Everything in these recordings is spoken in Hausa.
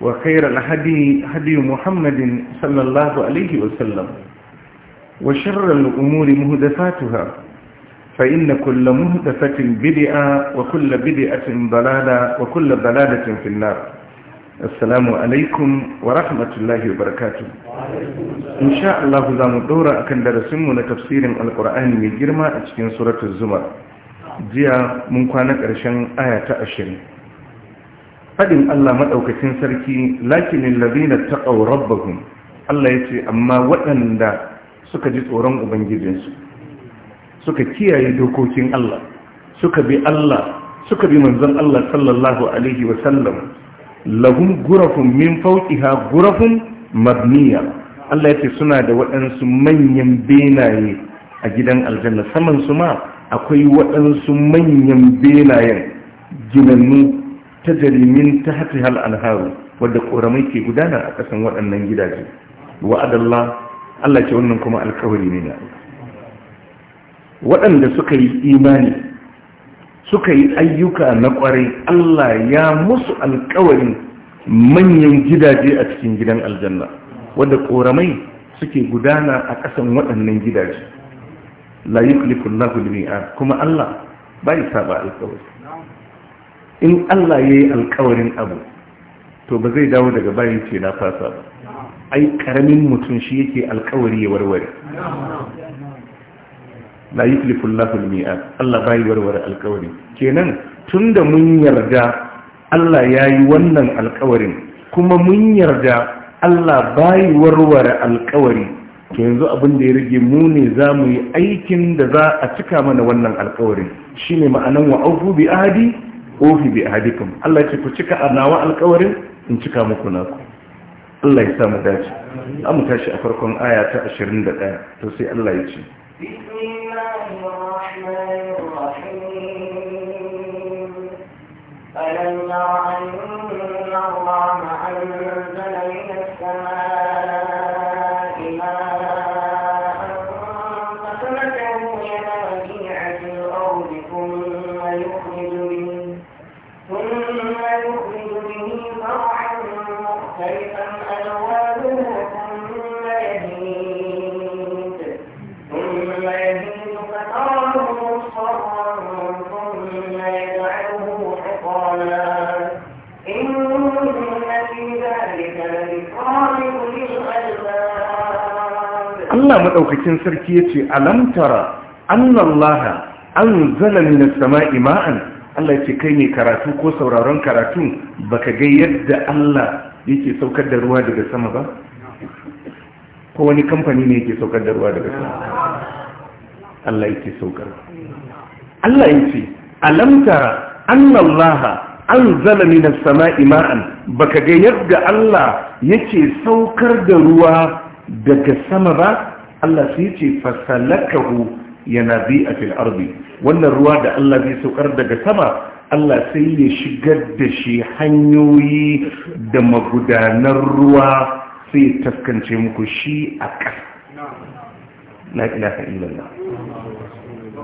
وخير الهدي هدي محمد صلى الله عليه وسلم وشر الأمور مهدفاتها فإن كل مهدفة بدئة وكل بدئة ضلالة وكل ضلالة في النار السلام عليكم ورحمة الله وبركاته إن شاء الله ذا مدورة أكن درسمنا تفسير القرآن من جرمى أتكين سورة الزمر جيا من كان قرشان آية أشرين fadin Allah maɗaukacin sarki lakinin labina ta rabbahum Allah ya ce amma waɗanda suka ji tsoron ubangijinsu suka kiyaye dokokin Allah suka bi Allah suka bi manzon Allah sallallahu alaihi wasallam lahum gurafun min fawqiha gurafun mabniya Allah ya ce suna da waɗansu manyan benaye a gidan aljanna saman su ma akwai waɗansu manyan benayen ginannu tajari min tahtiha hal alharu wadda koramai ke gudana a kasan waɗannan gidaje wa'adallah Allah ce wannan kuma alkawari ne na waɗanda suka yi imani suka yi ayyuka na ƙwarai Allah ya musu alkawarin manyan gidaje a cikin gidan aljanna wadda ƙoramai suke gudana a ƙasan waɗannan gidaje la yi kulikun kuma Allah bai saba alkawari in Allah ya yi alkawarin abu to ba zai dawo daga bayan ce na fasa ba ai karamin mutum shi yake alkawari ya warware la yi Allahu lafin mi'a Allah bai warware alkawari kenan tunda mun yarda Allah ya yi wannan alkawarin kuma mun yarda Allah bai warware alkawari to yanzu abin da ya rage mu ne za mu yi aikin da za a cika mana wannan alkawarin ne ma'anan wa bi ahadi ofi bi ahadikum Allah ya ce ku cika a nawa alkawarin in cika muku naku Allah ya sa mu dace an mu tashi a farkon aya ta 21 to sai Allah ya ce bismillahir rahmanir rahim Allah madaukakin sarki yace alam tara anna Allah anzala minas sama'i ma'an Allah yace kai ne karatu ko sauraron karatu baka ga yadda Allah yake saukar da ruwa daga sama ba ko wani kamfani ne yake saukar da ruwa daga sama Allah yake saukar Allah yace alam tara anna Allah an zala minas sama'i ma'an baka ga yadda Allah yake saukar da ruwa daga sama ba Allah sai ce fasalakahu yana bi a fil wannan ruwa da Allah zai saukar daga sama Allah sai ya shigar da shi hanyoyi da magudanar ruwa sai taskance muku shi a ƙasa illallah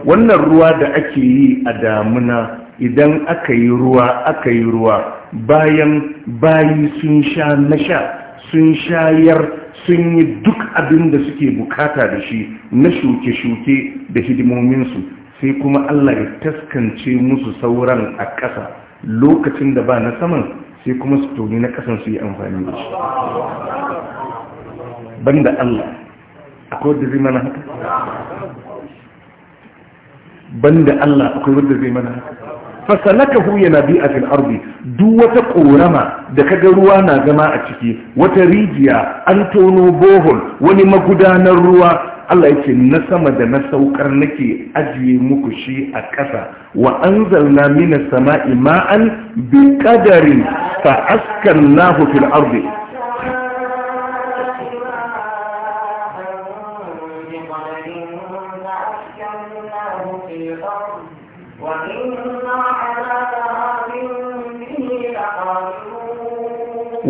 wannan ruwa da ake yi a damuna idan aka yi ruwa aka yi ruwa bayan bayi sun sha na sha sun shayar sun yi duk abin da suke bukata da shi na shuke-shuke da hidimominsu sai kuma Allah ya taskance musu sauran a ƙasa lokacin da ba na saman sai kuma su toni na ƙasan su yi amfani da shi banda Allah akwai wadda zai mana haka banda Allah akwai wadda zai mana haka fasalakahu a fil ardi duk wata korama da kaga ruwa na zama a ciki wata rijiya an tono bohol wani magudanar ruwa Allah yake na sama da na saukar nake ajiye muku shi a ƙasa wa anzalna minas sama'i ma'an bi qadarin fa askannahu fil ardi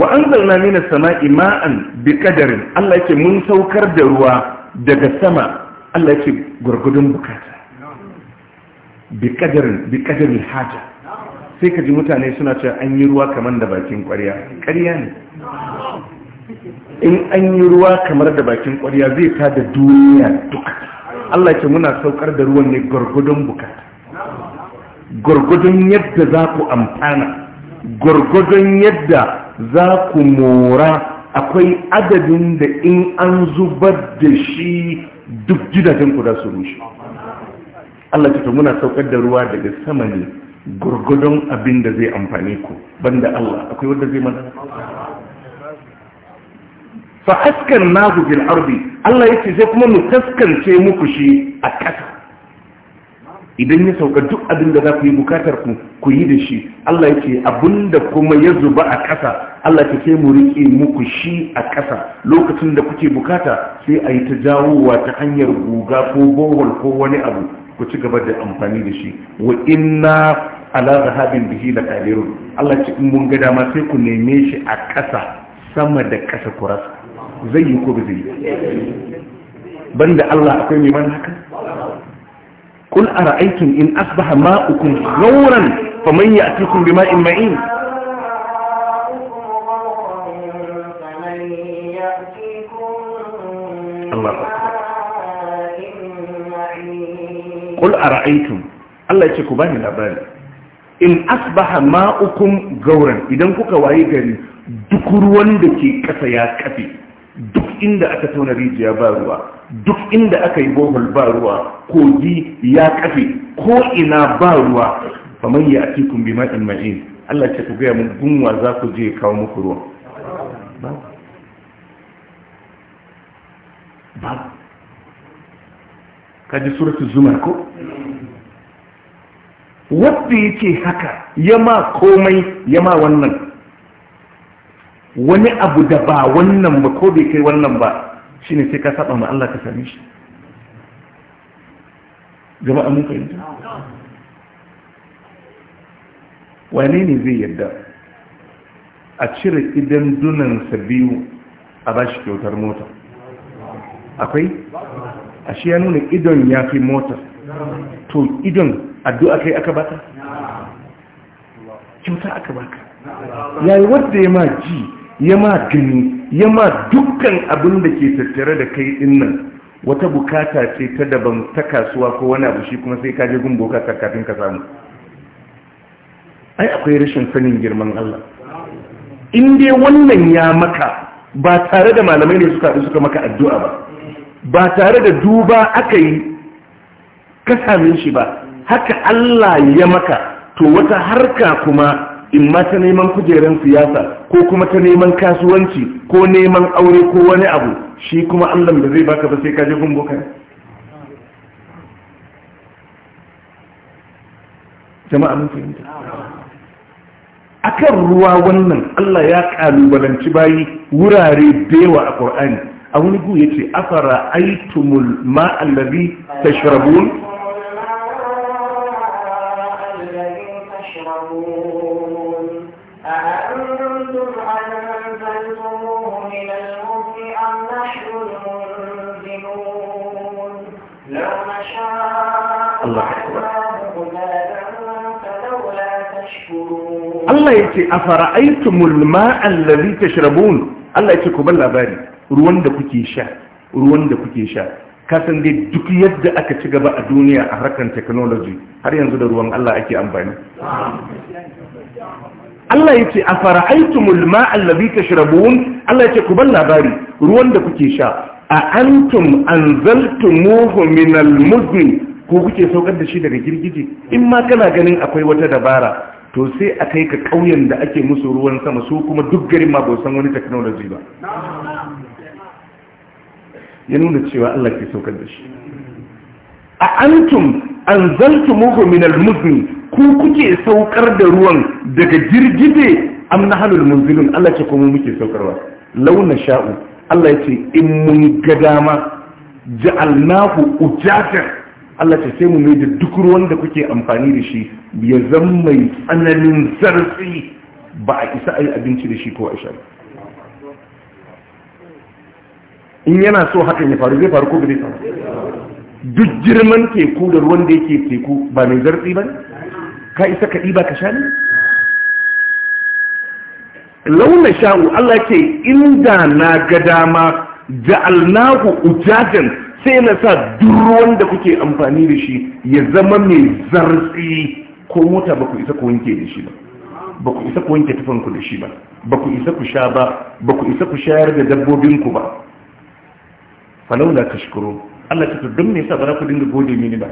wa anzalna minas sama'i ma'an bi qadarin Allah yake mun saukar da ruwa daga sama Allah yake gurgudun bukata bi qadarin bi qadarin haja sai kaji mutane suna cewa an yi ruwa kamar da bakin ƙwarya ƙarya ne in an yi ruwa kamar da bakin ƙwarya zai ta da duniya duka Allah yake muna saukar da ruwan ne gurgudun bukata gurgudun yadda za ku amfana gurgudun yadda za ku mora akwai adadin da in an zubar da shi duk gidajen ku za su rushe Allah ce to muna saukar da ruwa daga sama ne gurgudun abin da zai amfane ku banda Allah akwai wanda zai mana fa haskan nahu bil ardi Allah yace sai kuma mu taskance muku shi a kasa idan ya sauka duk abin da za ku yi bukatar ku ku yi da shi Allah ya ce abin da kuma ya zuba a ƙasa Allah ya ce mu riƙe muku shi a ƙasa lokacin da kuke bukata sai a yi ta jawowa ta hanyar guga ko bohol ko wani abu ku ci gaba da amfani da shi wa inna ala zahabin bihi la qadirun Allah ya ce in mun ga dama sai ku neme shi a ƙasa sama da ƙasa ku zai yi ko ba zai yi banda Allah akwai neman haka kun ara aikin in asbaha ma'ukun rauran faman ya atikun bi ma'in ma'in a ra’aikun Allah ce ku bani labari, in asbaha ma’ukun gauran idan kuka waye gari duk ruwan da ke ƙasa ya ƙafe. duk inda aka tona rijiya ba ruwa duk inda aka yi bohol ba ruwa kogi ya kafe ko ina ba ruwa kamar ya ake kumbi ma'in ma'in Allah ce ku gaya mun gunwa za ku je kawo muku ruwa ba kaji suratul zumar ko wanda yake haka yama komai yama wannan wani abu da ba wannan ba ko bai kai wannan ba shine sai ka saba ma Allah ka same shi jama'a mun fahimta wane ne zai yadda a cire idan dunansa biyu a ba shi kyautar mota akwai a shi ya nuna idon ya fi mota to idon addu'a kai aka bata kyauta aka baka yayi wadda ya ma ji ya ma gani ya ma dukkan abin da ke tattare da kai din nan wata bukata ce ta daban ta kasuwa ko wani abu shi kuma sai ka je gun boka kafin ka samu ai akwai rashin sanin girman Allah in dai wannan ya maka ba tare da malamai ne suka suka maka addu'a ba ba tare da duba aka yi ka same shi ba haka Allah ya maka to wata harka kuma in ma ta neman kujeran siyasa ko kuma ta neman kasuwanci ko neman aure ko wani abu shi kuma allah da zai baka ba sai ka je gun boka jama'a mun fahimta akan ruwa wannan allah ya kalubalanci bayi wurare da a qur'ani a wani gu yace afara aitumul ta tashrabun أأنتم أنزلتموه من المزن أم نحن المنزلون لو نشاء Allah ya ce, A fara'aitumul ma'allazi ta shirabun, Allah ya ce, ku ban labari, ruwan da kuke sha, ruwan da kuke sha, kasan dai duk yadda aka ci gaba a duniya a harkar technology har yanzu da ruwan Allah ake amfani. Allah ya ce a fara'aitumul ma'al ladhi tashrabun Allah ya ce ku ban labari ruwan da kuke sha a antum zaltu muhu minal muzni ko kuke saukar da shi daga girgije in ma kana ganin akwai wata dabara to sai a kai ka ƙauyen da ake musu ruwan sama su kuma duk garin ma ba san wani technology ba ya nuna cewa Allah ke saukar da shi a antum muku min almuzni ku kuke saukar da ruwan daga girgije am na halul munzilun Allah ce kuma muke saukarwa launa sha'u Allah ce in mun ga dama ja'alnahu ujatan Allah ce sai mu mai da duk ruwan da kuke amfani da shi ya zama mai tsananin zarfi ba a isa ayi abinci da shi ko a sha in yana so hakan ya faru zai faru ko bai faru duk girman teku da ruwan da yake teku ba mai zartsi ba ka isa ka ɗiba ka sha ne launa sha'u Allah ce inda na ga dama da alnahu ujajan sai na sa duk ruwan da kuke amfani da shi ya zama mai zartsi ko mota ba ku isa ku wanke da shi ba ba ku isa ku wanke tufanku da shi ba ba ku isa ku sha ba ba ku isa ku shayar da dabbobinku ba falaula kashkuru Allah ce to don sa yasa ba za ku dinga gode mini ba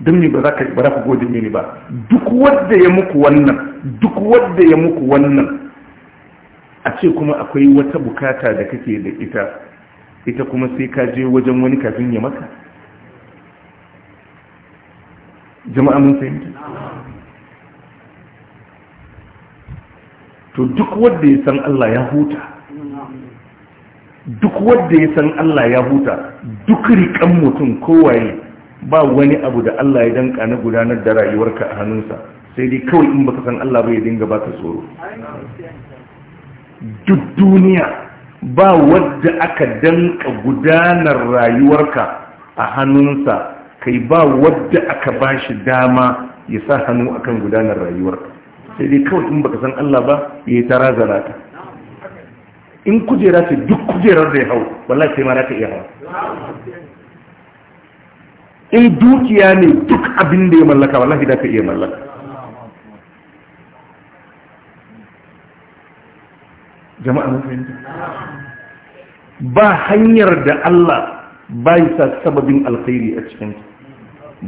don me ba za ka ba za ku gode mini ba duk wadda ya muku wannan duk wadda ya muku wannan a ce kuma akwai wata bukata da kake da ita ita kuma sai ka je wajen wani kafin ya maka jama'a mun fahimta to duk wadda ya san Allah ya huta duk wanda ya san Allah ya huta duk rikan mutum kowaye ba wani abu da Allah ya danka na gudanar da rayuwarka a hannunsa sai dai kawai in baka san Allah ba ya dinga baka tsoro duk duniya ba wadda aka danka gudanar rayuwarka a hannunsa kai ba wadda aka bashi dama ya sa hannu akan gudanar rayuwarka sai dai kawai in baka san Allah ba ya yi ta in kujera ce duk kujerar da ya hau wallahi sai ma za ka iya hawa in dukiya ne duk abin da ya mallaka wallahi za ka iya mallaka jama'a mun fahimta ba hanyar da Allah ba yi sa sababin alkhairi a cikin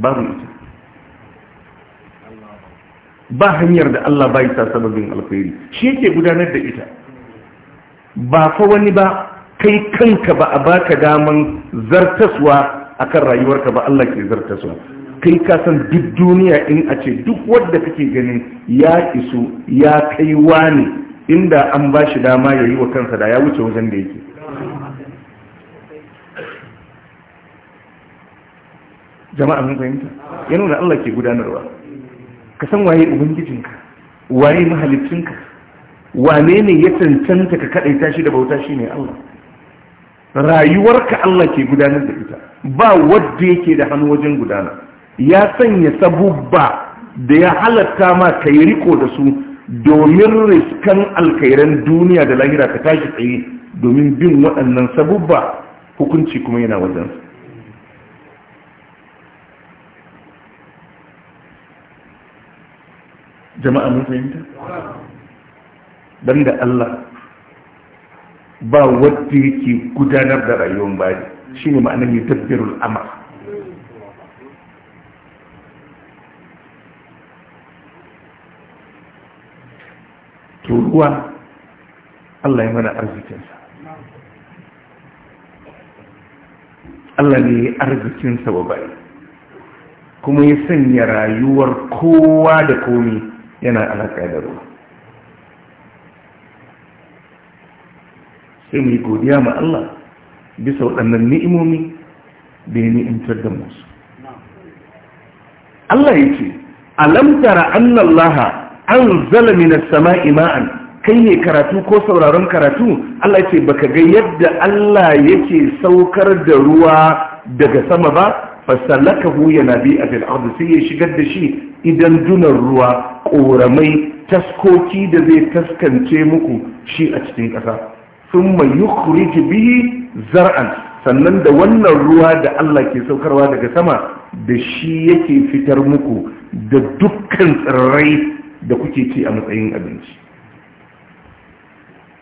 babu ita ba hanyar da Allah ba yi sa sababin alkhairi shi yake gudanar da ita ba fa wani ba kai kanka ba a baka daman zartaswa akan rayuwarka ba Allah ke zartaswa kai ka san duk duniya in a ce duk wanda kake ganin ya isu ya kai wani inda an ba shi dama ya yi wa kansa da ya wuce wajen da yake jama'a mun fahimta ya nuna Allah ke gudanarwa ka san waye ubangijinka waye mahalicinka wane ne ya cancanta ka kaɗaita shi da bauta shi ne Allah rayuwarka Allah ke gudanar da ita ba wadda yake da hannu wajen gudana ya sanya sabubba da ya halatta ma ka yi riko da su domin riskan alkairan duniya da lahira ka tashi tsaye domin bin waɗannan sabubba hukunci kuma yana wajen jama'a mun fahimta don da Allah ba wadda yake gudanar da rayuwar bari shi ne ma'anar yi tabbirul amar turuwa Allah ya mana arzikinsa Allah ne ya arzikinsa wa bari kuma ya sanya rayuwar kowa da komi yana alaƙa da ruwa sai mu yi godiya ma Allah bisa waɗannan ni'imomi da ya ni'imtar da musu Allah ya ce Alamtara an annallaha an zala minas sama'i ma'an kai ne karatu ko sauraron karatu Allah ya ce baka ga yadda Allah yake saukar da ruwa daga sama ba fasalakahu yana bi a fil'adu sai ya shigar da shi idan dunar ruwa ƙoramai taskoki da zai taskance muku shi a cikin ƙasa sun mai yukhrij bihi zar'an sannan da wannan ruwa da Allah ke saukarwa daga sama da shi yake fitar muku da dukkan tsirrai da kuke ci a matsayin abinci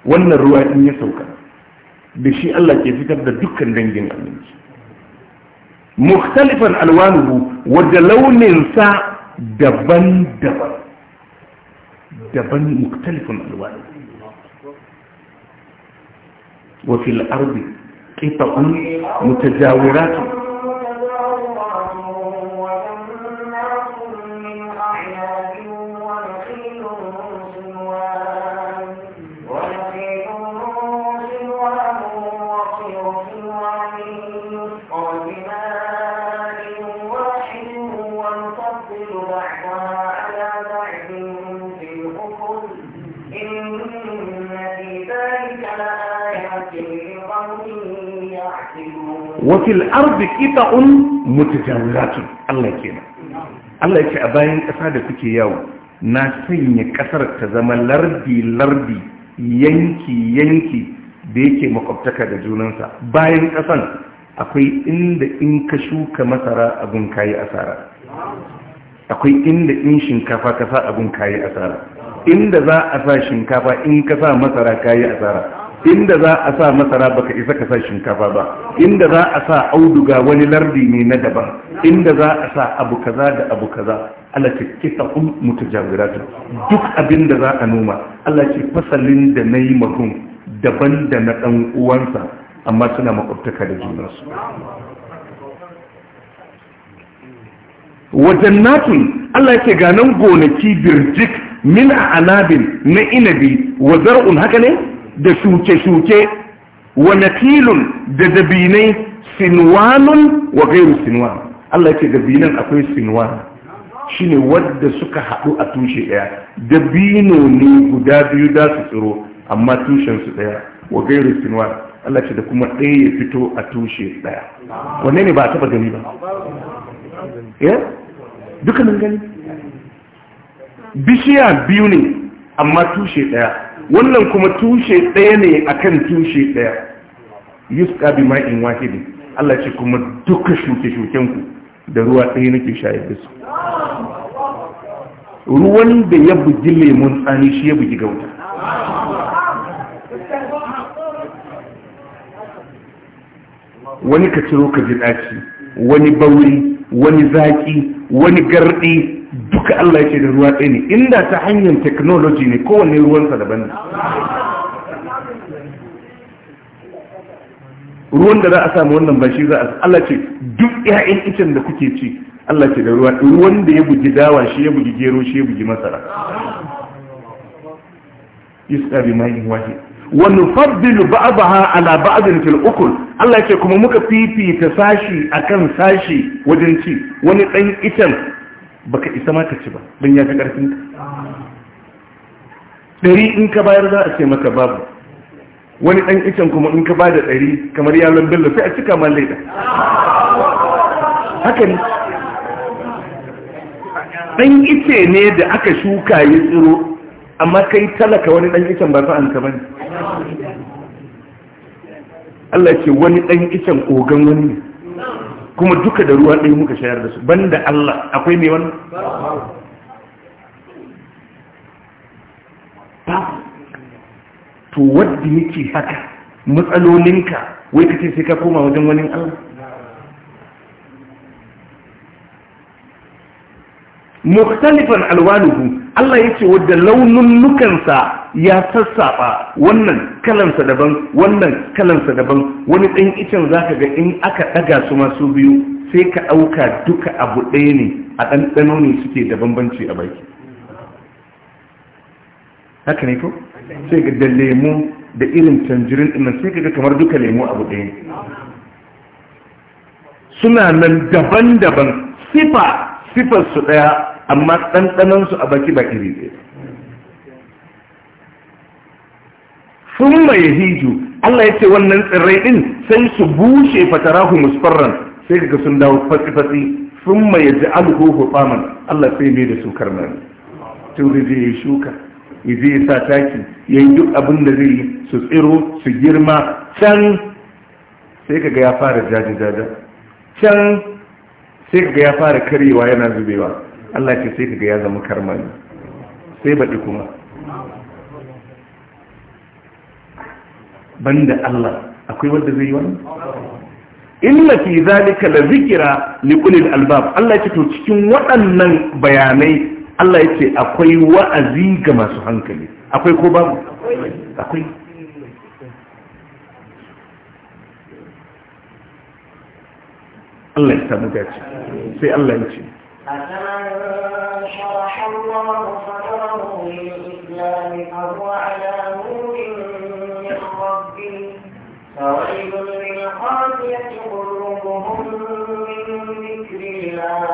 wannan ruwa in ya sauka da shi Allah ke fitar da dukkan dangin abinci mukhtalifan alwanuhu wadda launinsa daban-daban daban mukhtalifan alwanuhu وفي الأرض قطع متجاورات wa fil un mutu mutajawiratun Allah kenan Allah yake a bayan ƙasa da kuke yawo na sanya ƙasar ta zama lardi lardi yanki yanki da yake makwabtaka da junansa bayan ƙasan akwai inda in ka shuka masara abin kayi asara akwai inda in shinkafa ka sa abun kayi asara inda za a sa shinkafa in ka sa masara kayi asara inda za a sa masara baka isa ka sa shinkafa ba inda za a sa auduga wani lardi ne na daban inda za a sa abu kaza da abu kaza Allah ce kisa um mutajawiratu duk abin da za a noma Allah ce fasalin da nayi mahum daban da na dan uwansa amma suna makwabtaka da su. wajen natun Allah yake ganin gonaki birjik min a anabin na inabi wa zar'un haka ne da shuke-shuke wa nakilun da dabinai sinwanun wa gairu sinwan Allah ce dabinan akwai sinwan shine wadda suka haɗu a tushe ɗaya dabino ne guda biyu da su tsiro amma tushen su ɗaya wa gairu sinwan Allah ce da kuma ɗaya ya fito a tushe ɗaya wanne ne ba a taɓa gani ba ya eh? gani bishiya biyu ne amma tushe ɗaya wannan kuma tushe ɗaya ne akan tushe ɗaya yuska bi ma'in wahidi Allah ce kuma duka shuke shukenku da ruwa ɗaya nake shayar da su ruwan da ya bugi lemun tsani shi ya bugi gauta wani ka ciro ka ji ɗaci wani bauri wani zaƙi, wani garɗi duka Allah yake da ruwa ɗaya ne inda ta hanyar technology ne kowanne ruwansa daban ne ruwan da za a samu wannan ba shi za a Allah ce duk ya'in icen da kuke ci Allah ce da ruwa ruwan da ya bugi dawa shi ya bugi gero shi ya bugi masara yusqa bi ma'in wahid wa nufaddilu ba'daha ala ba'din fil ukul Allah ce kuma muka fifita sashi akan sashi wajen ci wani dan icen baka isa ma ka ci ba don ya fi karfin ka ɗari in ka bayar za a ce maka babu wani ɗan icen kuma in ka bada ɗari kamar yalon bello sai a cika ma laida haka ne ɗan ice ne da aka shuka ya tsiro amma kai talaka wani ɗan icen ba an ka bane Allah ce wani ɗan icen ogan wani ne kuma duka da ruwa ɗaya muka shayar da su banda Allah akwai mai ba to wadda yake haka matsalolinka wai kace sai ka koma wajen wani Allah muktalifan alwanuhu Allah yake wadda nukansa ya sassafa wannan kalansa daban wannan kalansa daban wani ɗan icen zaka ga in aka ɗaga su masu biyu sai ka ɗauka duka abu ɗaya ne a ɗanɗano ne suke da bambanci a baki haka ne ko sai ga da lemu da irin tanjirin ɗinnan sai ga kamar duka lemu abu ɗaya suna nan daban-daban sifa sifar su ɗaya amma ɗanɗanon su a baki baki ne ɗaya sun mai hiju Allah ya ce wannan tsirrai ɗin sai su bushe fatarahu musfarran sai kaga sun dawo fatsi-fatsi sun mai yaji alhuhu faman Allah sai mai da su karmar tun da zai shuka ya zai sa taki ya yi duk abin da zai yi su tsiro su girma can sai kaga ya fara jajajaja can sai kaga ya fara karyewa yana zubewa Allah ce sai kaga ya zama karmani sai baɗi kuma banda Allah akwai wanda zai yi wani inna fi zalika la zikira li ulil albab Allah ya ce to cikin waɗannan bayanai Allah ya ce akwai wa'azi ga masu hankali akwai ko babu akwai Allah ya samu gaci sai Allah ya ce أفمن شرح الله صدره للإسلام فهو على نور من ربه فويل للقاسية قلوبهم من ذكر الله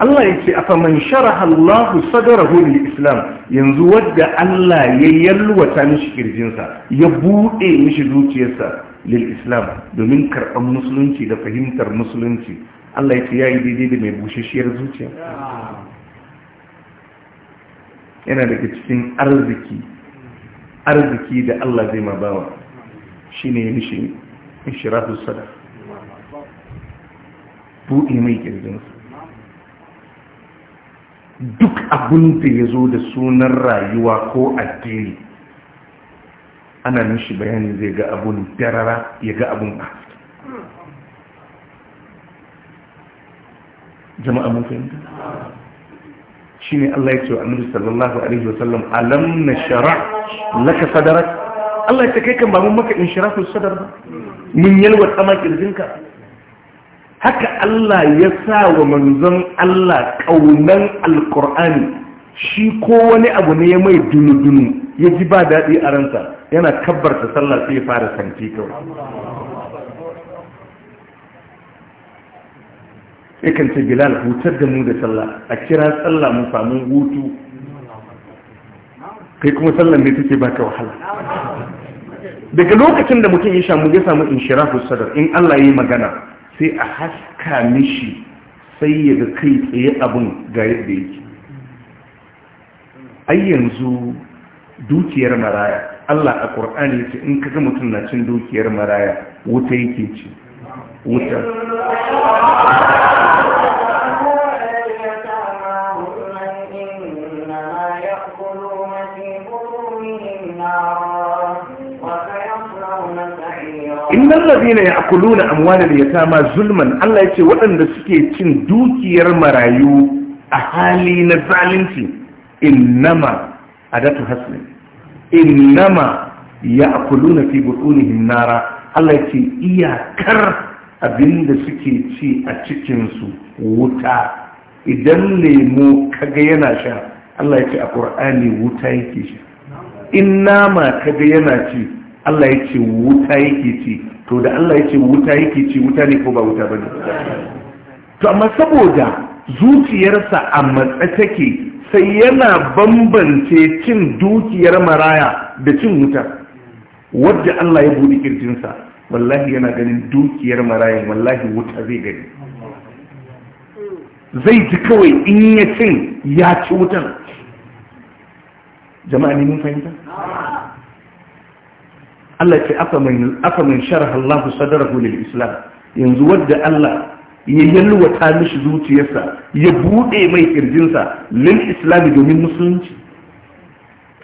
Allah ya ce a man sharaha Allahu sadrahu lil Islam yanzu wadda Allah ya yalwata mishi kirjinsa ya buɗe mishi zuciyarsa lil Islam domin karɓar musulunci da fahimtar musulunci Allah ya ce yayi daidai da mai bushashiyar zuciya yana daga cikin arziki arziki da Allah zai ma bawa shine ya mishi inshirahu sadar buɗe mai kirjinsa duk abin da ya zo da sunan rayuwa ko addini ana mishi bayani zai ga abun darara ya ga abun a jama'a mun fahimta shi ne Allah ya ce wa annabi sallallahu alaihi wa sallam alam na shara laka sadarak Allah ya ce kai kan ba mun maka in shara sadar ba mun yalwa tsama kirjinka haka Allah ya sa wa manzon Allah ƙaunan alƙur'ani shi ko wani abu ne ya mai dunu-dunu ya ji ba daɗi a ransa yana kabbarta sallah sai ya fara santi kawai yakan ce bilal hutar da mu da sallah a kira sallah mu samu hutu kai kuma Sallah ne take baka wahala daga lokacin da mutum ya samu ya samu inshirafu sadar in Allah ya yi magana sai a haska mishi sai ya ga kai tsaye abin ga yadda yake ai yanzu dukiyar maraya Allah a ƙur'ani ya ce in ga mutum na cin dukiyar maraya wuta yake ci wuta ya innal ladina ya'kuluna ya yatama zulman Allah yace waɗanda suke cin dukiyar marayu a hali na zalunci innama adatu ya innama ya'kuluna fi butunihim nara Allah yace iyakar abinda suke ci a cikin su wuta idan lemu kaga yana sha Allah yace a ƙur'ani wuta yake sha innama kaga yana ci Allah ya ce wuta yake ci to da Allah ya ce wuta yake ci wuta ne ko ba wuta ba ne? to amma saboda zuciyarsa a matsa take sai yana bambance cin dukiyar maraya da cin wuta wadda Allah ya buɗe kirjinsa wallahi yana ganin dukiyar maraya, wallahi wuta zai gani zai ji kawai in ya cin ya ci wutan jama'a ne mun fahimta Allah ce aka min sharha Allah sadarahu lil Islam yanzu wadda Allah ya yalwata mishi zuciyarsa ya bude mai kirjinsa lil Islam domin musulunci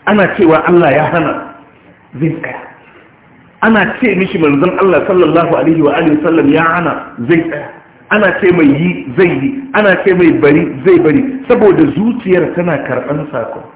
ana cewa Allah ya hana zai tsaya ana ce mishi manzon Allah sallallahu alaihi wa alihi sallam ya hana zai tsaya ana ce mai yi zai yi ana ce mai bari zai bari saboda zuciyar tana karban sakon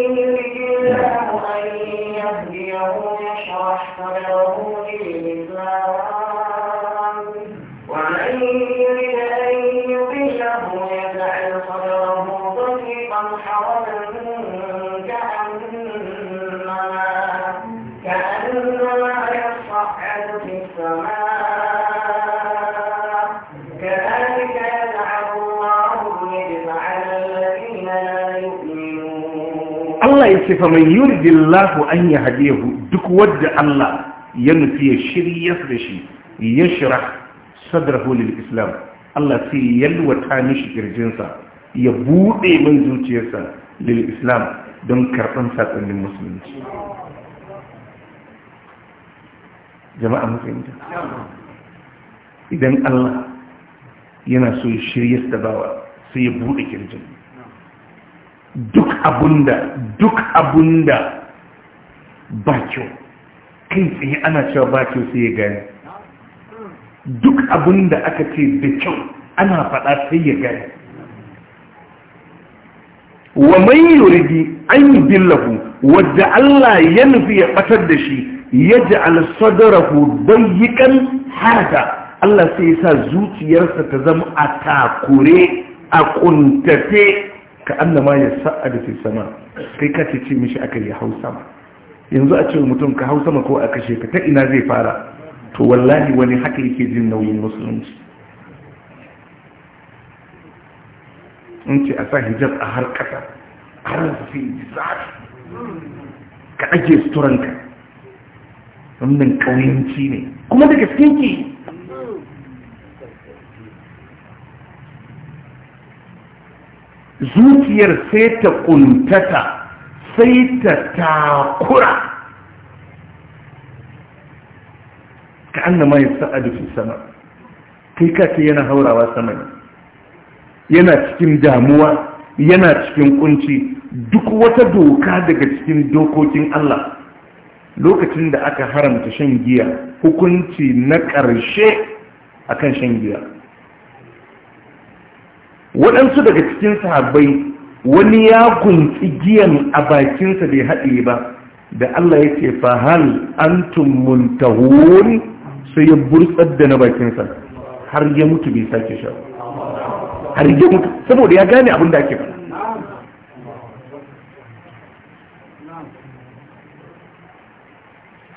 ya ce fa man yuridillahu an yahdihu duk wanda Allah ya nufi ya shiryar da shi ya shirah sadrahu lil islam Allah sai yalwata mishi kirjinsa ya bude min zuciyarsa lil islam don karban sakonnin musulunci jama'a musulunci idan Allah yana so ya shiryar da bawa sai ya bude kirjinsa duk abunda duk abunda ba kyau kai tsaye ana cewa ba kyau sai ya gane duk abunda aka ce da kyau ana faɗa sai ya gane wa mai yuridi an yi billahu wadda Allah ya nufi ya ɓatar da shi ya ji alsadarahu bayyikan hada Allah sai ya sa zuciyarsa ta zama a takure a kuntafe ka annama ya sa'a da fi sama kai ka ce mishi aka yi hau sama yanzu a ce mutum ka hau sama ko a kashe ka ta ina zai fara to wallahi wani haka yake jin nauyin musulunci in ce a sa hijab a har kasa har su fi zafi ka ake suturanka wannan ƙauyanci ne kuma daga gaske zuciyar sai ta kuntata sai ta takura ka nama ya sa'adu sama kai kace yana haurawa sama yana cikin damuwa yana cikin kunci duk wata doka daga cikin dokokin Allah lokacin da aka haramta shan giya hukunci na ƙarshe akan shan giya waɗansu daga cikin sahabbai wani ya kunci giyan a bakinsa bai haɗe ba da Allah ya ce fahal antum muntahun sai ya burtsar da na bakinsa har ya mutu bai sake sha har ya mutu saboda ya gane abin da ake faɗa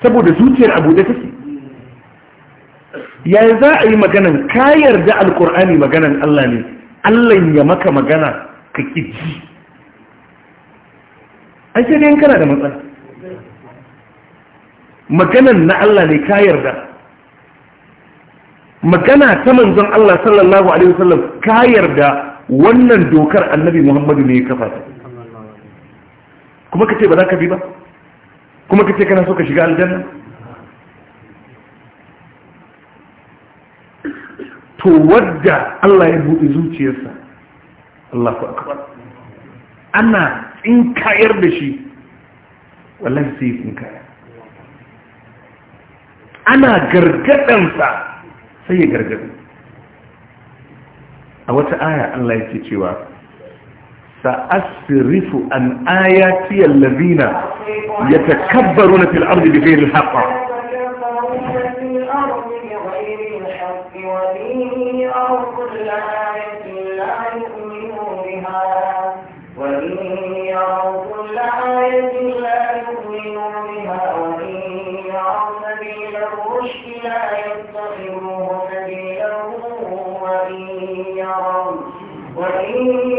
saboda zuciyar abu da take yaya za a yi maganan kayar da alkur'ani maganan Allah ne Allah ya maka magana ka kiji an sai dai kana da matsala maganan na Allah ne ka yarda magana ta manzon Allah sallallahu alaihi wasallam ka yarda wannan dokar annabi Muhammadu ne ya kafa ta kuma kace ba za ka bi ba kuma kace kana so ka shiga aljanna to wadda Allah ya buɗe zuciyarsa Allahu akbar ana tsinkayar da shi wallahi sai tsinkaya ana gargadansa sai ya gargadu a wata aya Allah yake cewa sa'asrifu an ayati allazina yatakabbaruna fil ardi bighayri al-haqq وفي أرض الله لا يؤمنوا بها وإن يروا كل آية لا يؤمنوا بها وإن يروا سبيل الرشد لا يتخذوه سبيلا وإن يروا وإن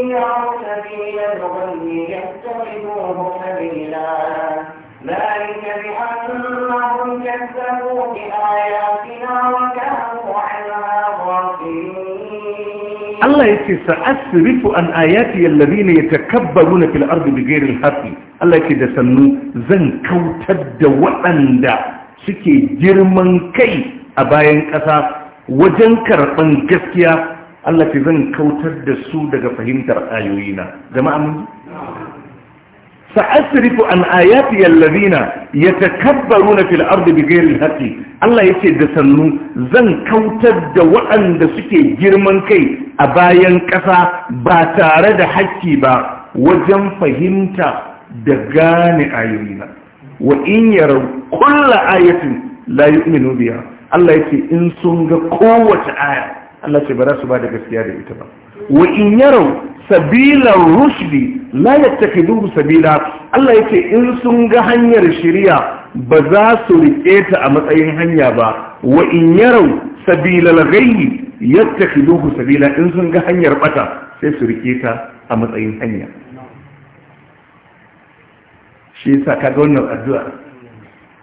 Allah yake sa'asrifu an ayati alladhina yatakabbaruna fil ardi bighayri al-haqqi Allah yake da sannu zan kautar da waɗanda suke girman kai a bayan ƙasa wajen karɓan gaskiya Allah ke zan kautar da su daga fahimtar ayoyina jama'a mun sa'asrifu an ayati allazina na fil da bighairi alhaqi Allah yace da sannu zan kautar da waɗanda suke girman kai a bayan ƙasa ba tare da haƙƙi ba wajen fahimta da gane ayoyina wa in yaraw kullu ayatin la yu'minu biya. Allah yace in sun ga kowace aya Allah ce ba za su ba da gaskiya da ita ba wa in yarau sabilar rushdi la yattakidu sabila Allah yake in sun ga hanyar shirya ba za su riƙe ta a matsayin hanya ba wa in yarau sabilal ghayyi yattakiduhu sabila in sun ga hanyar bata sai su riƙe ta a matsayin hanya shi yasa ga wannan addu'a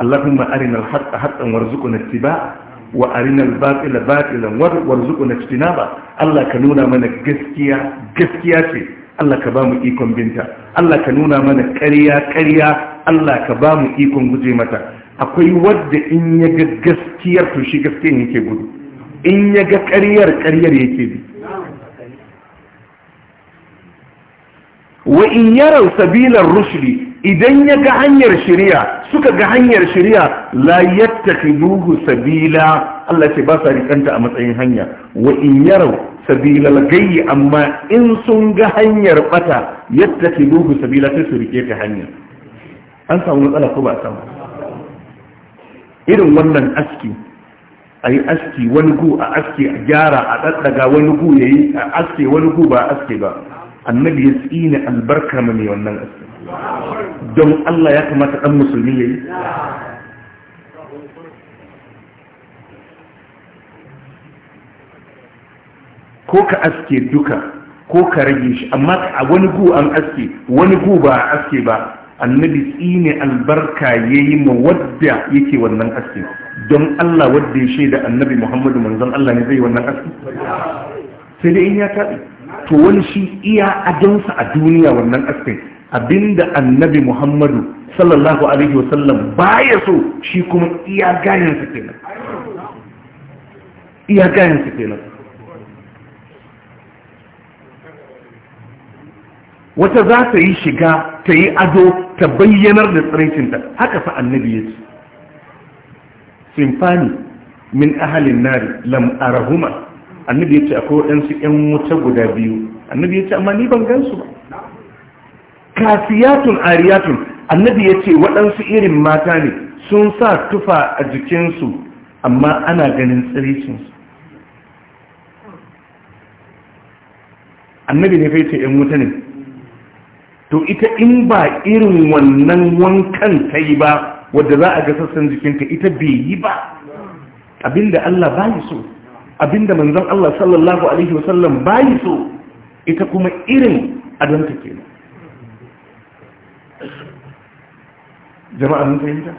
Allahumma arina al-haqqa haqqan na ittiba'a wa arinal batila batilan warzuqna ijtinaba Allah ka nuna mana gaskiya gaskiya ce Allah ka ba ikon binta Allah ka nuna mana ƙarya ƙarya Allah ka bamu ikon guje mata akwai wadda in ya ga gaskiyar to shi gaskiyar yake gudu in ya ga ƙaryar ƙaryar yake bi wa in yara sabilar rushdi idan ya ga hanyar shari'a suka ga hanyar shari'a la yattakhiduhu sabila Allah ce ba sa rikanta a matsayin hanya wa in yarau sabila gayyi amma in sun ga hanyar bata yattakhiduhu sabila sai su rike ta hanya an samu matsala ko ba samu irin wannan aski a yi aski wani gu a aski a gyara a ɗaɗɗaga wani gu ya yi a aski wani gu ba aski ba annabi ya tsine albarka mai wannan aski don Allah ya kamata ɗan musulmi ya yi ko ka aske duka ko ka rage shi amma a wani gu an aske wani gu ba a aske ba annabi tsine albarka ya yi ma wadda yake wannan aske don Allah wadda ya shaida annabi Muhammadu manzan Allah ne zai wannan aske sai dai in ya taɓi to wani shi iya adonsa a duniya wannan aske. abinda annabi muhammadu sallallahu alaihi wasallam baya so shi kuma iya gayansa kenan iya gayansa kenan wata za ta yi shiga ta yi ado ta bayyanar da tsiraicinta haka fa annabi ya ce simfani min ahalin nari lam arahuma annabi ya ce akwai waɗansu 'yan wuta guda biyu annabi ya ce amma ni ban gansu ba kasiyatun ariyatun annabi ya ce waɗansu irin mata ne sun sa tufa a jikinsu amma ana ganin tsiricinsu annabi ne fai ce ‘yan wuta ne to ita in ba irin wannan wankan ta yi ba wadda za a ga sassan jikinta ita bai yi ba abinda Allah ba yi so abinda manzan Allah sallallahu Alaihi wasallam ba yi so ita kuma irin adonta kenan jama'a mun fahimta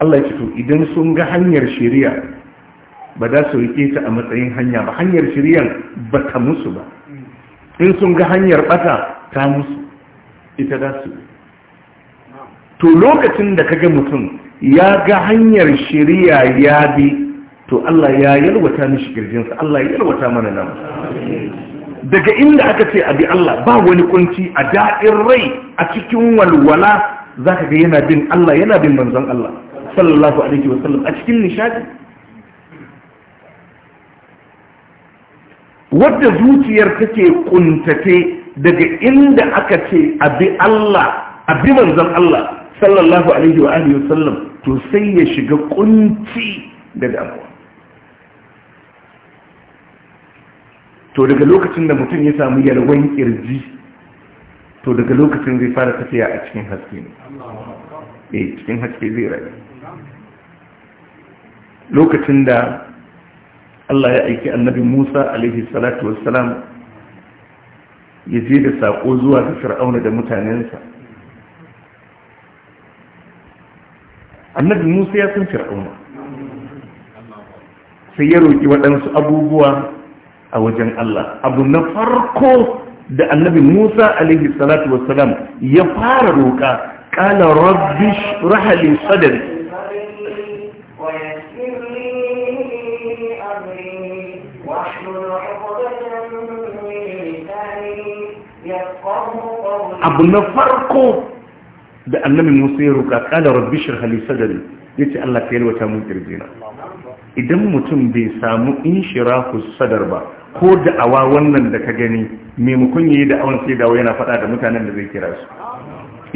Allah ya ce to idan sun ga hanyar shari'a ba za su rike ta a matsayin hanya ba hanyar shari'a ba ta musu ba in sun ga hanyar bata ta musu ita za su to lokacin da kaga mutum ya ga hanyar shari'a ya bi to Allah ya yalwata mishi girjinsa Allah ya yalwata mana namu daga inda aka ce abi Allah ba wani kunci a da'in rai a cikin walwala za ka ga yana bin Allah yana bin manzon Allah sallallahu alaihi wasallam a cikin nishadi wadda zuciyar take kuntace daga inda aka ce abi Allah abi manzon Allah sallallahu alaihi wa alihi wasallam to sai ya shiga kunci da damuwa to daga lokacin da mutum ya samu yalwan kirji to daga lokacin zai fara tafiya a cikin haske ne eh cikin haske zai rayu lokacin da Allah ya aiki annabi Musa alaihi salatu wassalam ya je da sako zuwa ga Fir'auna da mutanensa annabi Musa ya san Fir'auna sai ya roki waɗansu abubuwa a wajen Allah abu na farko da annabi Musa alaihi salatu wassalam ya fara roƙa kana rabbi rahali sadri abu na farko da annabi Musa ya roƙa kana rabbi shirhali sadri yace Allah ka yalwata mun kirjina idan mutum bai samu inshiraku sadar ba ko da'awa wannan da ka gani maimakon yayi da'awan sai dawo yana faɗa da mutanen da zai kira su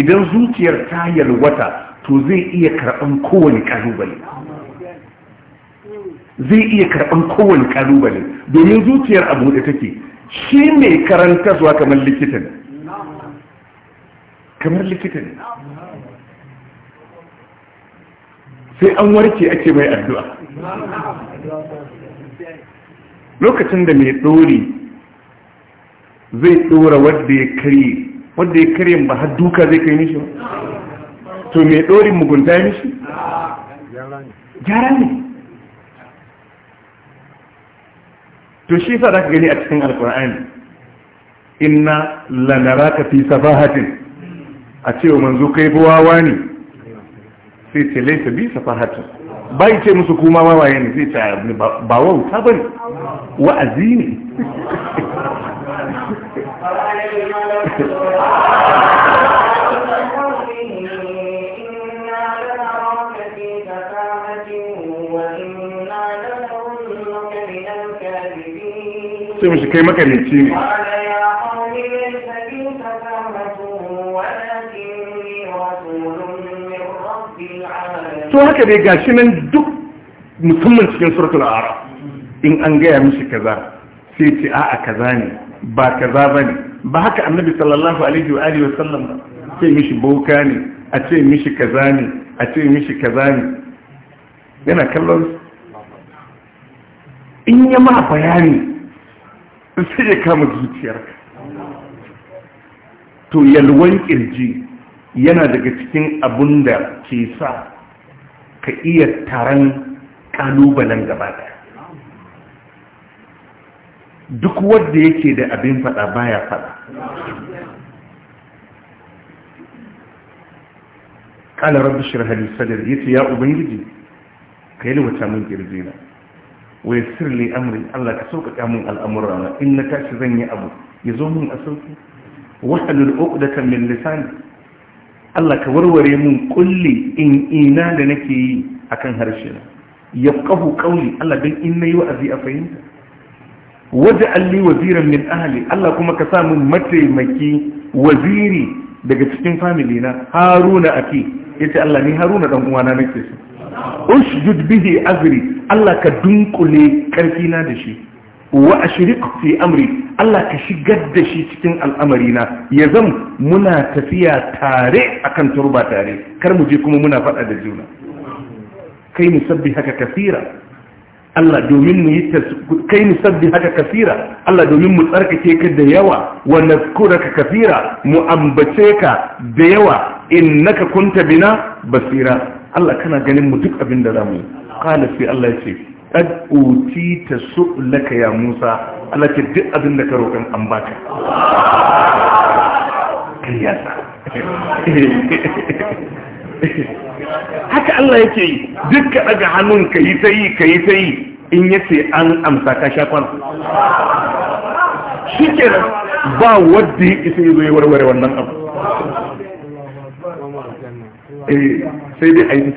idan zuciyar ta yalwata to zai iya karɓan kowane kalubale zai iya karɓan kowane kalubale domin zuciyar abu da take shi mai karantarwa kamar likitan kamar likitan sai an warke ake mai addu'a lokacin da mai ɗori zai ɗora wadda ya karye wadda ya karye ba har duka zai kai nishi to mai ɗorin mugunta ya mishi gyara ne to shi sa da gani a cikin alkur'ani inna ka fi safahatin a cewa manzo kai buwawa ne sai ce laisa bi safahatin bai ce musu kuma mawaye ne zai tayar ne ba wauta ba ne wa'azi ne sai mashi kai makamici ne to haka dai gashi nan duk musamman cikin suratul araf in an gaya mishi kaza sai ce a'a kaza ne ba kaza bane ba haka annabi sallallahu alaihi wa alihi wasallam ba ce mishi boka ne a ce mishi kaza ne a ce mishi kaza ne yana kallon in ya ma bayani sai ya kama zuciyarka to yalwan kirji yana daga cikin abun da ke sa ka iya taron kalubalen gaba daya duk wadda yake da abin fada baya fada قال رب اشرح لي ya يتي يا ubangiji ka yi yalwata min na. wa yassir sirri amri Allah ka sauƙaƙa min al'amura na in na tashi zan yi abu ya zo min a sauƙi wahalul uqdatan min lisani Allah ka warware mun kulli in ina da nake yi akan harshe na yafqahu kauli Allah dan in nayi wa'azi a fahimta waje alli waziran min ahali, Allah kuma ka sa mun mataimaki waziri daga cikin family na Haruna aki yace Allah ni Haruna dan uwana nake shi usjud bihi azri Allah ka dunkule karfi na da shi wa ashriq fi amri Allah ka shigar da shi cikin al'amarina ya zam muna tafiya tare akan turba tare kar mu je kuma muna faɗa da juna kai musabbi haka kasira Allah domin mu yi kai mu sabbi haka kasira Allah domin mu tsarkake ka da yawa wa nazkuraka kasira mu ambace ka da yawa innaka kunta bina basira Allah kana ganin mu duk abin da zamu qala sai Allah ya ce qad utita su'laka ya Musa Allah ce duk abin da ka roƙan an baka kiyasa haka Allah yake yi duk ka hannun ka yi sai ka yi sai in yace an amsa ka sha kwana shikenan ba wanda ya isa ya warware wannan abu eh, sai dai a yi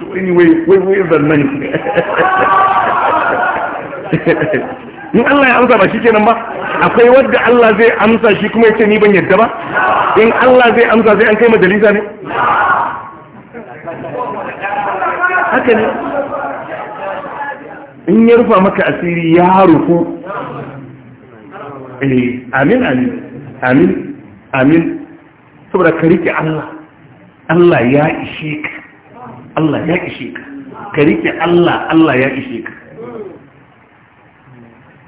to anyway, wai where is that in Allah ya amsa ba shi kenan ba akwai wadda Allah zai amsa shi kuma yace ni ban yadda ba in Allah zai amsa sai an kai majalisa ne haka ne in ya rufa maka asiri ya rufu eh amin amin amin amin saboda ka rike Allah Allah ya ishe ka Allah ya ishe ka ka rike Allah Allah ya ishe ka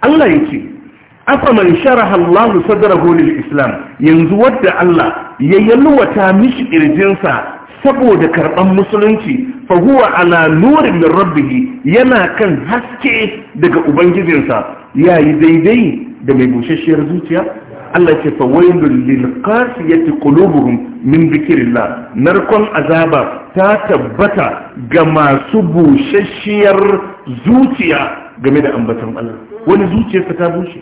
Allah yake afaman sharaha Allah sadrahu lil Islam yanzu wadda Allah ya yalwata mishi kirjinsa saboda karɓan musulunci fahuwa ala nurin min rabbihi yana kan haske daga ubangijinsa yayi daidai da mai bushashiyar zuciya Allah ce fa wailul lil qasiyati qulubuhum min dhikrillah narkon azaba ta tabbata ga masu bushashiyar zuciya game da ambatan Allah wani zuciyarsa ta bushe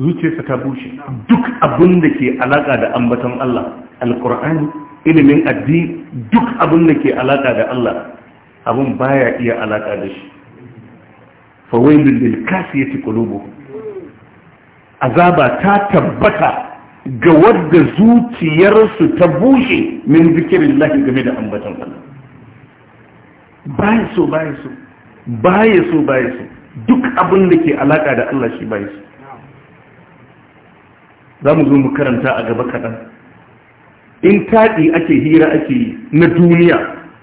zuciyarsa ta bushe duk abin da ke alaka da ambatan Allah alqur'ani ilimin addini duk abin da ke alaka da Allah abin baya iya alaka da shi fa wailul lil qasiyati qulubuhum azaba ta tabbata ga wadda zuciyarsu ta bushe min zikirin lahi game da ambatan Allah baya so baya so so so duk abin da ke alaƙa da Allah shi baya so za mu zo mu karanta a gaba kaɗan in taɗi ake hira ake yi na duniya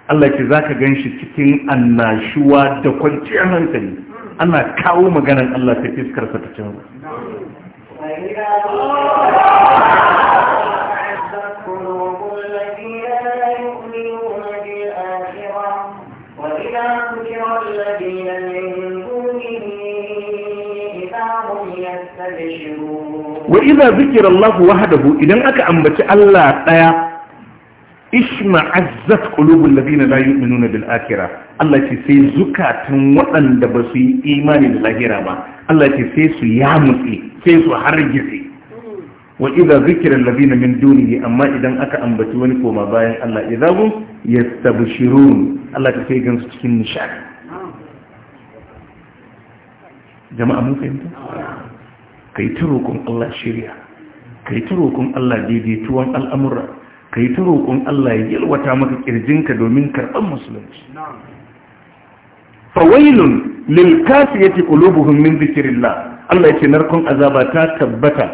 Allah ce za ka gan shi cikin annashuwa da kwanciyar hankali ana kawo maganar Allah ta fiskarsa ta canza وإذا ذكر الله وحده إذا أكا أنبت الله تايا إشما عزت قلوب الذين لا يؤمنون بالآخرة الله يسي زكاة وأن دبسي إيمان الله رابا Allah ce sai su yamutse sai su hargitse wa idza zikra alladhina min dunihi amma idan aka ambaci wani koma bayan Allah ya idza hum yastabshirun Allah ta sai gansu cikin nishadi jama'a mun fahimta kai ta roƙon Allah shirya kai ta roƙon Allah daidaituwan al'amura kai ta roƙon Allah ya yalwata maka kirjinka domin karɓar musulunci fawailun lil kasiyati qulubuhum min dhikrillah Allah ce narkon azaba ta tabbata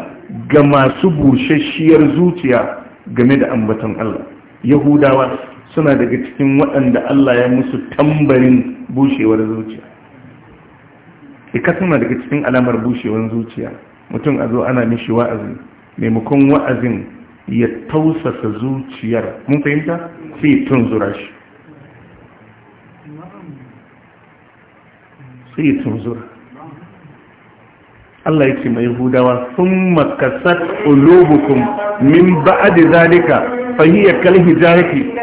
ga masu bushashiyar zuciya game da ambaton Allah yahudawa suna daga cikin waɗanda Allah ya musu tambarin bushewar zuciya ika suna daga cikin alamar bushewar zuciya mutum a zo ana mishi wa'azi maimakon wa'azin ya tausasa zuciyar mun fahimta sai tunzura shi sai ya tunzura Allah ya ce mai hudawa sun makasar olubukun min ba'adi zalika fahiyar kalhi jahiki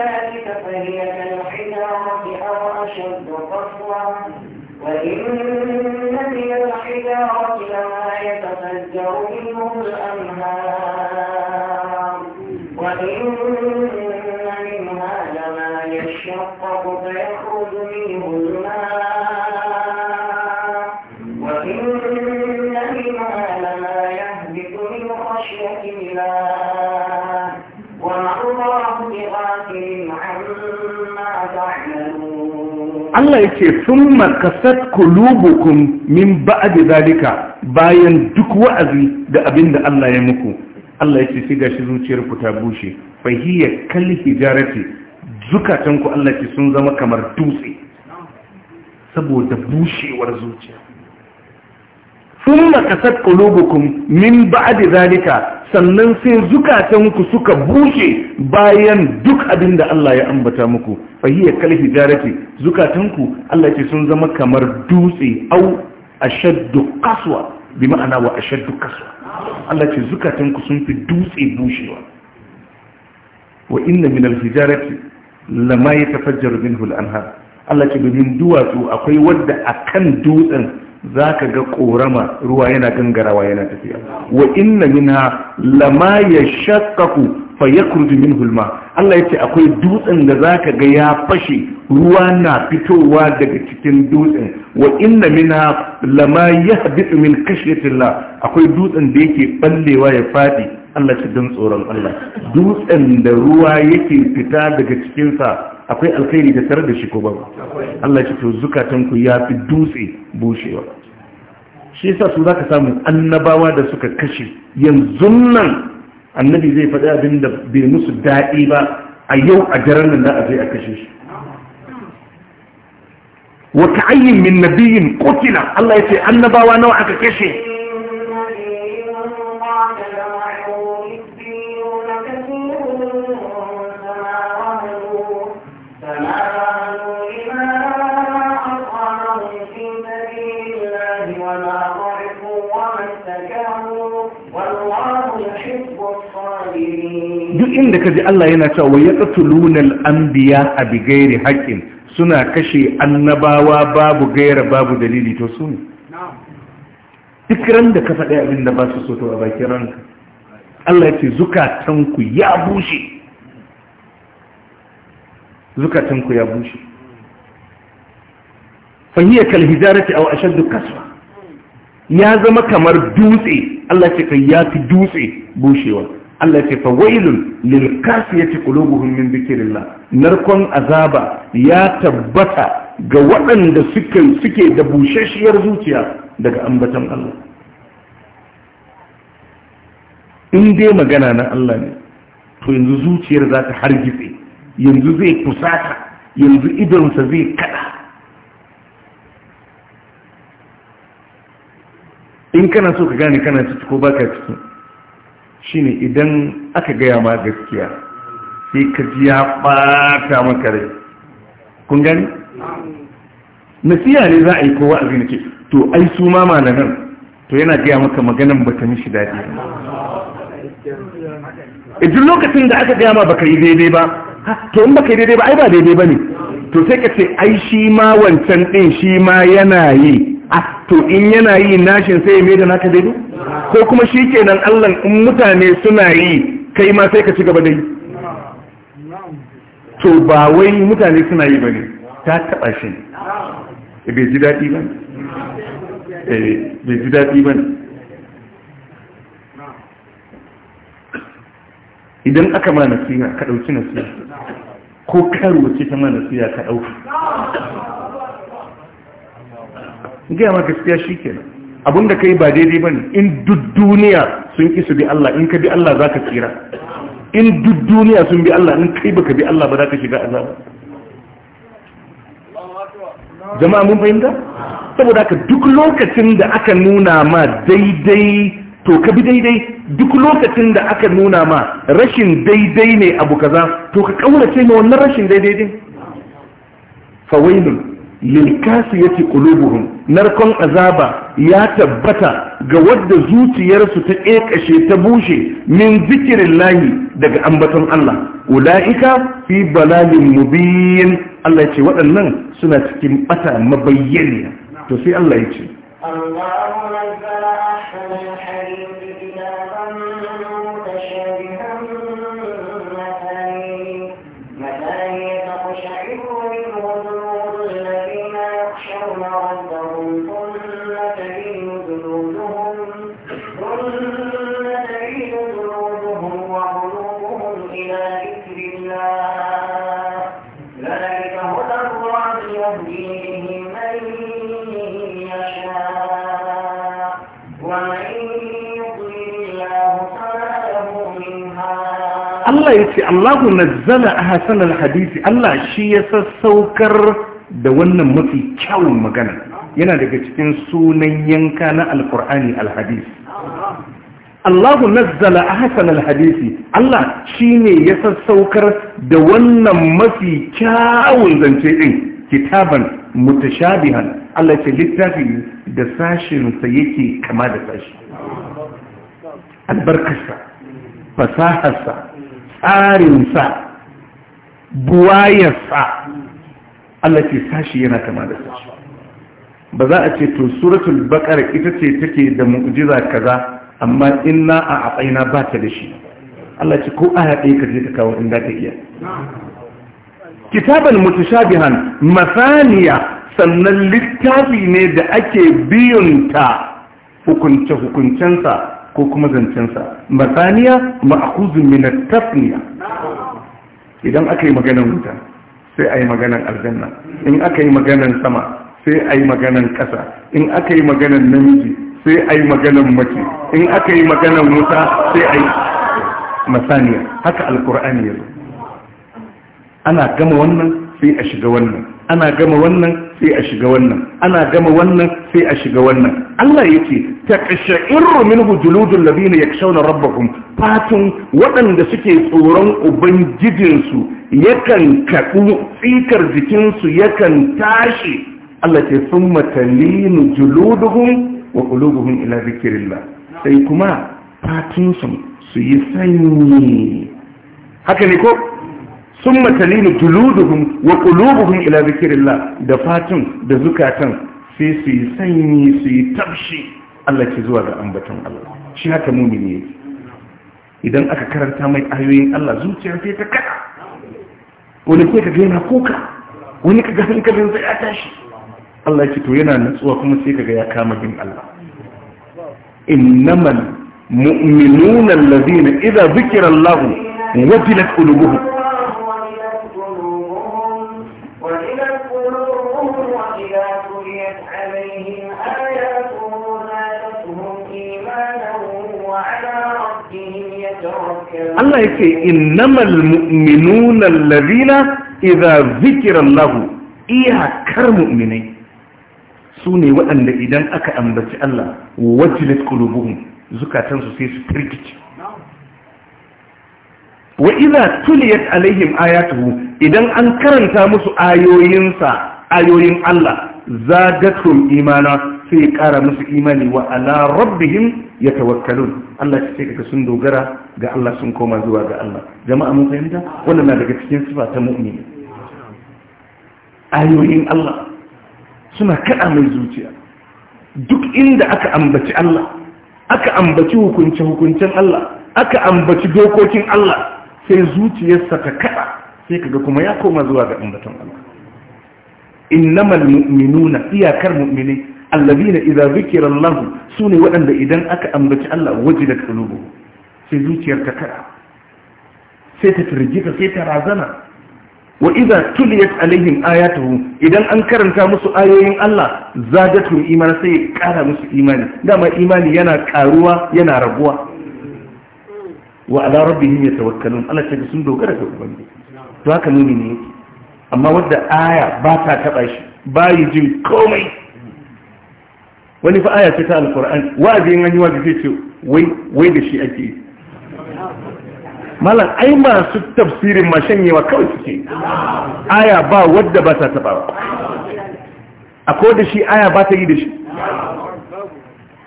Allah ya ce sun makasat kulubukum min da zalika bayan duk wa'azi da abin da Allah ya muku Allah ya ce shi gashi zuciyar ku ta bushe fahiyya kal hijarati zukatan ku Allah ce sun zama kamar dutse saboda bushewar zuciya sun makasar kulubukum min ba'adi zalika sannan sai zukatanku suka bushe bayan duk abin da Allah ya ambata muku fahiyar kalhi jarati zukatanku Allah ce sun zama kamar dutse au ashaddu kaswa bi ma'ana wa ashaddu kaswa Allah ce zukatanku sun fi dutse bushewa wa inna min alhijarati lama yatafajjaru minhu al Allah ce domin duwatsu akwai wadda akan dutsen za ka ga ƙorama ruwa yana gangarawa yana tafiya wa inna minha lama ya fa ya min hulma Allah ya ce akwai dutsen da za ka ga ya fashe ruwa na fitowa daga cikin dutsen wa inna minha lama ya haɗu min kashiyatillah akwai dutsen da yake ballewa ya fadi Allah ci don tsoron Allah dutsen da ruwa yake fita daga cikinsa akwai alkhairi da tare da shi ko ba Allah ya to zukatanku ku ya fi dutse bushewa shi yasa su zaka samu annabawa da suka kashe yanzu nan annabi zai faɗi abin da bai musu daɗi ba a yau a daren nan da a zai a kashe shi wa ka'ayyin min nabiyyin qutila Allah ya ce annabawa nawa aka kashe duk inda kaji Allah yana cewa wa yaqtuluna an biya a bigairi haƙin suna kashe annabawa babu gaira babu dalili to su ne duk ran da ka faɗi abin da ba su soto a bakin ranka Allah ya ce zukatanku ya bushe zukatanku ya bushe fahiyar kalhijarati a duk kaswa ya zama kamar dutse Allah ce kai ya fi dutse bushewa Allah ce fa wailun lil kasiyati qulubuhum min dhikrillah narkon azaba ya tabbata ga waɗanda suke suke da busheshiyar zuciya daga ambatan Allah in dai magana na Allah ne to yanzu zuciyar za ta hargitse yanzu zai kusata yanzu idonsa zai kada in kana so ka gane kana ciki ko baka ciki shine idan aka gaya ma gaskiya sai ka ji ya ɓata maka rai kun gani nasiya ne za a yi kowa a zai ce to ai su ma malaman to yana gaya maka maganan baka mishi dadi. a e, lokacin da aka gaya ma baka yi daidai ba to in baka yi daidai ba ai ba daidai ba ne to sai ka ce ai shi ma wancan ɗin shi ma yana yi a to in yana yi nashin sai ya mai da naka daidai ko kuma shi ke nan allon in mutane suna yi kai ma sai ka ci gaba da yi to ba wai mutane suna yi ba ne ta taɓa shi ne eh, bai ji daɗi ba eh, bai ji daɗi ba idan aka ma nasiha ka ɗauki nasiha ko karuwa ce ta ma nasiha ka ɗauki gaya ma gaskiya shi kenan abinda kai ba daidai ba ne in duk duniya sun ƙisa bi Allah in ka bi Allah za ka tsira in duk duniya sun bi Allah in kai baka bi Allah ba za ka shiga azaba jama'a mun fahimta saboda haka duk lokacin da aka nuna ma daidai to ka bi daidai duk lokacin da aka nuna ma rashin daidai ne abu kaza to ka kaurace ma wannan rashin daidai din fawailun lil kasiyati qulubuhum narkon azaba ya tabbata ga wadda zuciyarsu ta ƙeƙashe ta bushe min zikirin lahi daga ambaton Allah ula'ika fi balalin mubiyin Allah ce waɗannan suna cikin ɓata mabayyaniya to sai Allah ya ce Allah Allah ya ce Allahu nazzala ahsan alhadisi Allah shi ya sassaukar da wannan mafi kyawun magana yana daga cikin sunan yanka na alqur'ani alhadisi Allahu nazzala ahsan alhadisi Allah shine ya sassaukar da wannan mafi kyawun zance din kitaban mutashabihan Allah ce littafi da sashin sa yake kama da sashi albarkarsa fasaharsa tsarinsa buwayarsa Allah ce sashi yana kama da sashi ba za a ce to suratul bakar ita ce take da mu'jiza kaza amma inna a atsaina ba ta da shi Allah ce ko aya ɗaya ka je ka kawo inda ta iya kitaban mutashabihan masaniya sannan littafi ne da ake biyunta hukunce-hukuncensa ko kuma zancensa masaniya ma'akuzun minar tafniya idan aka yi maganan wuta sai a yi maganan aljanna in aka yi maganan sama sai a yi maganan ƙasa in aka yi maganan namiji sai a yi maganan mace in aka yi maganan wuta sai a yi masaniya haka alkur'ani zo. ana gama wannan sai a shiga wannan ana gama wannan sai a shiga wannan ana gama wannan sai a shiga wannan Allah yake taqsha'irru minhu juludul ladina yakshawna rabbahum fatun waɗanda suke tsoron ubangijinsu yakan kaɗu tsikar jikinsu yakan tashi Allah ke summa talinu juluduhum wa qulubuhum ila zikrillah sai kuma fatunsu su yi sanyi haka ne ko sun matalini tuluduhum wa qulubuhum ila zikrillah da fatin da zukatan sai su yi sanyi su yi tafshi Allah ke zuwa ga ambaton Allah shi haka mumi ne idan aka karanta mai ayoyin Allah zuciya sai ta kada wani kai ka yana kuka wani ka ga hankalin zai ya tashi Allah ya ce to yana natsuwa kuma sai kaga ya kama bin Allah innamal mu'minuna allazina idza zikira Allah wajilat qulubuhum Allah yake innamal mu'minuna allazina idza zikira Allah iyakar mu'minai su ne waɗanda idan aka ambaci Allah wajilat qulubuhum zukatansu sai su firgice wa idza tuliyat alaihim ayatuhu idan an karanta musu ayoyinsa ayoyin Allah zadatul imana sai ya kara musu imani wa ala rabbihim yatawakkalun Allah ya ka sun dogara ga Allah sun koma zuwa ga Allah jama'a mun fahimta wannan na daga cikin sifa ta mu'mini ayoyin Allah suna kada mai zuciya duk inda aka ambaci Allah aka ambaci hukunci hukuncin Allah aka ambaci dokokin Allah sai zuciyarsa ta kada sai kaga kuma ya koma zuwa ga ambaton Allah innamal mu'minuna iyakar mu'mini allazina idza zikira Allah sune waɗanda idan aka ambaci Allah waje da kulubu sai zuciyar ta kada sai ta firgita sai ta razana wa idza tuliyat alaihim ayatuhu idan an karanta musu ayoyin Allah zadatum iman sai ya kara musu imani dama imani yana karuwa yana raguwa wa ala rabbihim yatawakkalun Allah ta sun dogara ga ubangiji to haka mumini yake amma wadda aya ba ta taba shi bayi jin komai wani fa aya ce ta alkur'an wa'azi in an yi wa'azi sai ce wai wai da shi ake yi malam ai masu tafsirin ma shanyewa kawai suke aya ba wadda ba ta taba akwai da shi aya ba ta yi da shi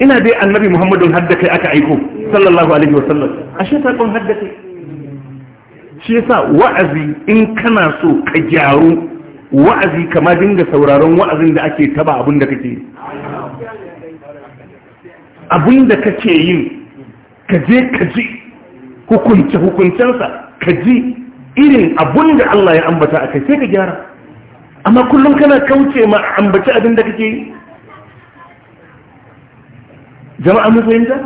ina dai annabi muhammadu hadda kai aka aiko sallallahu alaihi wa sallam ashe ta kun hadda kai shi yasa wa'azi in kana so ka gyaru wa'azi kama dinga sauraron wa'azin da ake taba abin da kake abin da kake yin ka je ka ji hukunce hukuncensa ka ji irin abin da Allah ya ambata a kai sai ka gyara amma kullum kana kauce ma ambaci abin da kake yi jama'a mun fahimta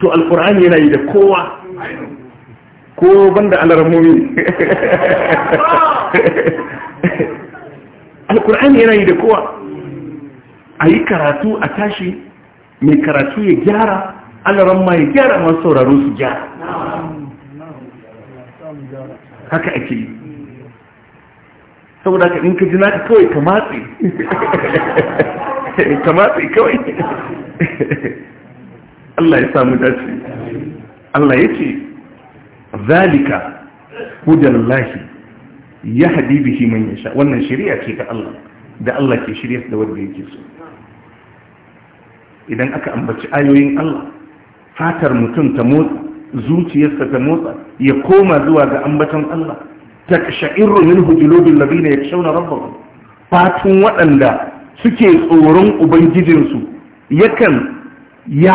to alkur'ani yana yi da kowa ko banda alarmomi alkur'ani yana yi da kowa a yi karatu a tashi mai karatu ya gyara alaran ma ya gyara masu sauraron su gyara haka ake yi saboda ka in ka ji naka kawai ka matse ka matse kawai Allah ya samu dace Allah ya ce zalika hudan lahi ya hadi bihi man yasha wannan shari'a ce ta Allah da Allah ke shirya da wanda yake so idan aka ambaci ayoyin Allah fatar mutum ta motsa zuciyarsa ta motsa ya koma zuwa ga ambaton Allah ta sha'irru min hujulubil ladina ya shauna fatun waɗanda suke tsoron ubangijinsu yakan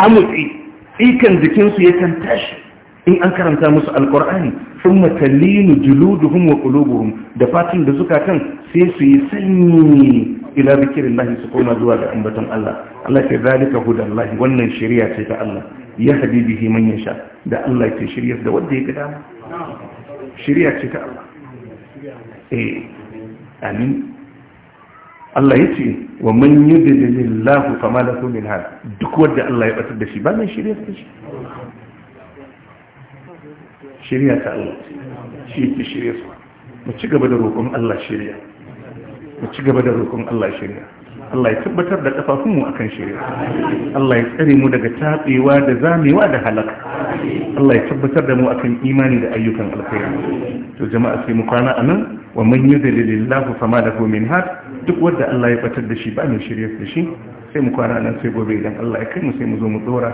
mutsi tsikan jikinsu yakan tashi in an karanta musu alkur'ani sun matallinu juluduhum wa qulubuhum da fatin da suka kan sai su yi sanyi ila zikirillahi su koma zuwa ga ambaton Allah Allah ke zalika hudallahi wannan shari'a ce ta Allah ya habibihi man yasha da Allah ke shari'a da wanda ya gada dama shari'a ce ta Allah eh amin Allah ya ce wa man yudlilillahu fama lahu min hal duk wanda Allah ya batar da shi ba mai shari'a ce shirya ta Allah shi ke shirya su mu ci gaba da roƙon Allah shirya mu ci gaba da roƙon Allah shirya Allah ya tabbatar da kafafunmu akan shirya Allah ya tsare mu daga tatsewa da zamewa da halaka Allah ya tabbatar da mu akan imani da ayyukan alkhairi to jama'a sai mu kwana anan wa man yudlilillahu fama lahu min had duk wanda Allah ya fatar da shi ba ne shirya da shi sai mu kwana anan sai gobe idan Allah ya kai mu sai mu zo mu dora